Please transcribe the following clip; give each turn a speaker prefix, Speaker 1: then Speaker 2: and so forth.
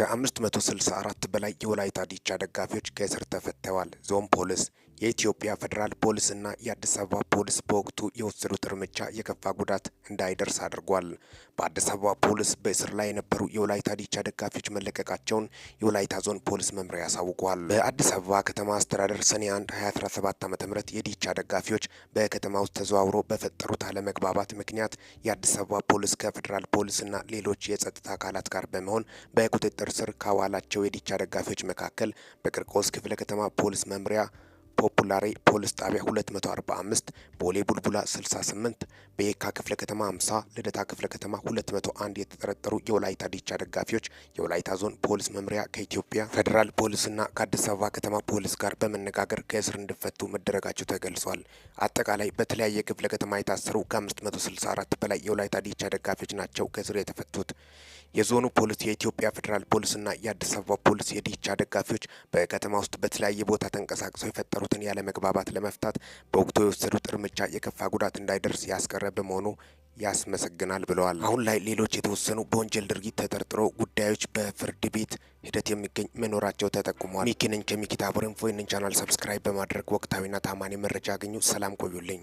Speaker 1: ከ564 በላይ የወላይታ ዲቻ ደጋፊዎች ከእስር ተፈተዋል። ዞን ፖሊስ የኢትዮጵያ ፌዴራል ፖሊስና የአዲስ አበባ ፖሊስ በወቅቱ የወሰዱት እርምጃ የከፋ ጉዳት እንዳይደርስ አድርጓል። በአዲስ አበባ ፖሊስ በእስር ላይ የነበሩ የወላይታ ዲቻ ደጋፊዎች መለቀቃቸውን የወላይታ ዞን ፖሊስ መምሪያ ያሳውቋል። በአዲስ አበባ ከተማ አስተዳደር ሰኔ 1 2017 ዓ ም የዲቻ ደጋፊዎች በከተማ ውስጥ ተዘዋውሮ በፈጠሩት አለመግባባት ምክንያት የአዲስ አበባ ፖሊስ ከፌዴራል ፖሊስና ሌሎች የጸጥታ አካላት ጋር በመሆን በቁጥጥር ስር ካዋላቸው የዲቻ ደጋፊዎች መካከል በቂርቆስ ክፍለ ከተማ ፖሊስ መምሪያ ፖፑላሬ ፖሊስ ጣቢያ 245፣ ቦሌ ቡልቡላ 68፣ በየካ ክፍለ ከተማ 50፣ ልደታ ክፍለ ከተማ 201 የተጠረጠሩ የወላይታ ዲቻ ደጋፊዎች የወላይታ ዞን ፖሊስ መምሪያ ከኢትዮጵያ ፌዴራል ፖሊስና ከአዲስ አበባ ከተማ ፖሊስ ጋር በመነጋገር ከእስር እንዲፈቱ መደረጋቸው ተገልጿል። አጠቃላይ በተለያየ ክፍለ ከተማ የታሰሩ ከ564 በላይ የወላይታ ዲቻ ደጋፊዎች ናቸው ከእስር የተፈቱት። የዞኑ ፖሊስ፣ የኢትዮጵያ ፌዴራል ፖሊስና የአዲስ አበባ ፖሊስ የዲቻ ደጋፊዎች በከተማ ውስጥ በተለያየ ቦታ ተንቀሳቅሰው የፈጠሩትን ያለመግባባት ለመፍታት በወቅቱ የወሰዱት እርምጃ የከፋ ጉዳት እንዳይደርስ ያስቀረ በመሆኑ ያስመሰግናል ብለዋል። አሁን ላይ ሌሎች የተወሰኑ በወንጀል ድርጊት ተጠርጥሮ ጉዳዮች በፍርድ ቤት ሂደት የሚገኝ መኖራቸው ተጠቁሟል። ሚኪ ነኝ ከሚኪታቦር ይህንን ቻናል ሰብስክራይብ በማድረግ ወቅታዊና ታማኝ መረጃ አገኙ። ሰላም ቆዩልኝ።